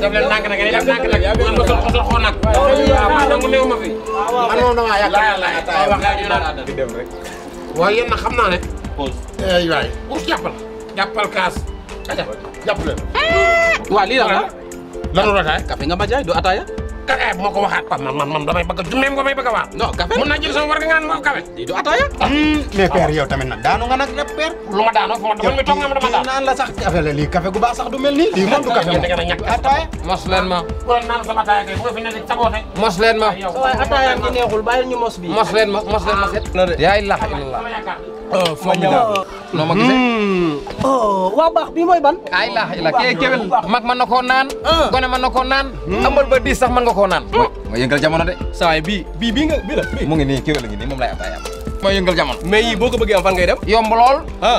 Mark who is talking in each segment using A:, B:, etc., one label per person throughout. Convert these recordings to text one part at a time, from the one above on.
A: daf leen nànk nag daf nànk nag bu ngeen ma soxla soxla nag. waaw man nag néew ma fi. Ah, man moom damaa yàq. laay laay ay wax ñu naan di dem rek. waaye yéen nag xam naa ne. pause ay eh, waay pour jàppal. jàppal kaas. kaja jàpp leen. waaw lii daal la. lanu rataay café nga ma jaay du ataaya. kafe moo ko waxaat quoi man man man damay bëgg a même damay bëgg a waat. non kafe mën naa nga naan ma kafe. lii du ataaya. Ah. Hmm, mais père ah. yow tamit nga ma daanoo fu nga ma dama daan. naan la sax kafe la lii kafe gu baax sax du mel nii. lii moom du kafe moom ataaya. mos leen ma. mos leen ma. mos leen
B: ma mos leen ma set. yaay lax no ma oh wabah baax bii mooy ban. ay la la kii kéwél mag mën na koo naan. gone mën na koo naan. ambal ba diis sax mën nga koo naan. ma yëngal jamono de. saa yi bii bii bii nga bii la mu ngi nii kéwél ngi nii moom lay am ay am. jamono. mais am fan ngay dem. yomb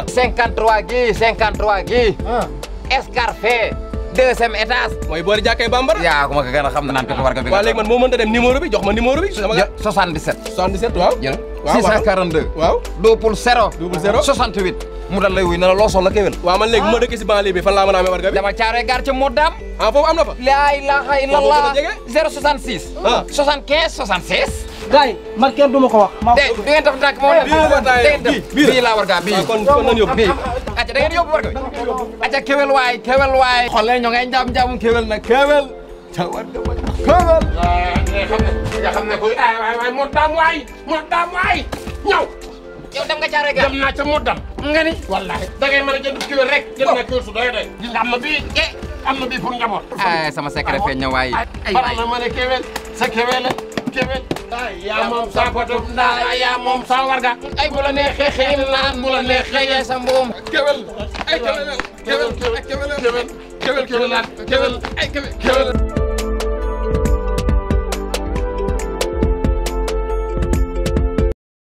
B: 53 gi 53 gi. escarfé. deuxième étage. yaa ko ma ko gën a xam ne naan ko war nga bi. waaw léegi man moo mënta dem numéro bi jox ma numéro bi. sama 77. 77 waaw. jërëjëf waaw 642. waaw double zéro. double zéro 68. mu dal lay wuy ne la loo soxla man léegi bu ma dëkkee si banlieue bi fan laa mën a amee warga bi. dama caaree gaar ca Modam. ah foofu am na fa. laa ilaaha illallah 066. ah 75 76. gaay man kenn du ma ko wax. de bi ngeen def ndànk moom bii la war gaa bii ah, kon kon nañu yóbbu bii. acca da ngeen yóbbu war ga acca kewel waay kewel waay. xollee ñoo
A: ngay njaam njaamum kewel nag kewel. ca war ga ma kewel. nga xam ne kuy ay waay waay moo daam waay moo daam waay ñëw. yow dem nga caare ga dem naa ca moo dam nga ni wallaahi da ngay mën a jënd kewel rek. jënd na kewel su doy doy. gis nga am na bii am na bii pour njaboot. Eh, sama
B: secret feeñ na waay. ay waay faral na ma ne
A: kewel sa kewel la tamit yaa moom sa botum ndaa yaa moom sa warga ay bu la neexee xëy na naan bu la neexee yaay sa mbuum kewel ay kewel kewel kewel kewel kewel kewel kewel ay kewel kewel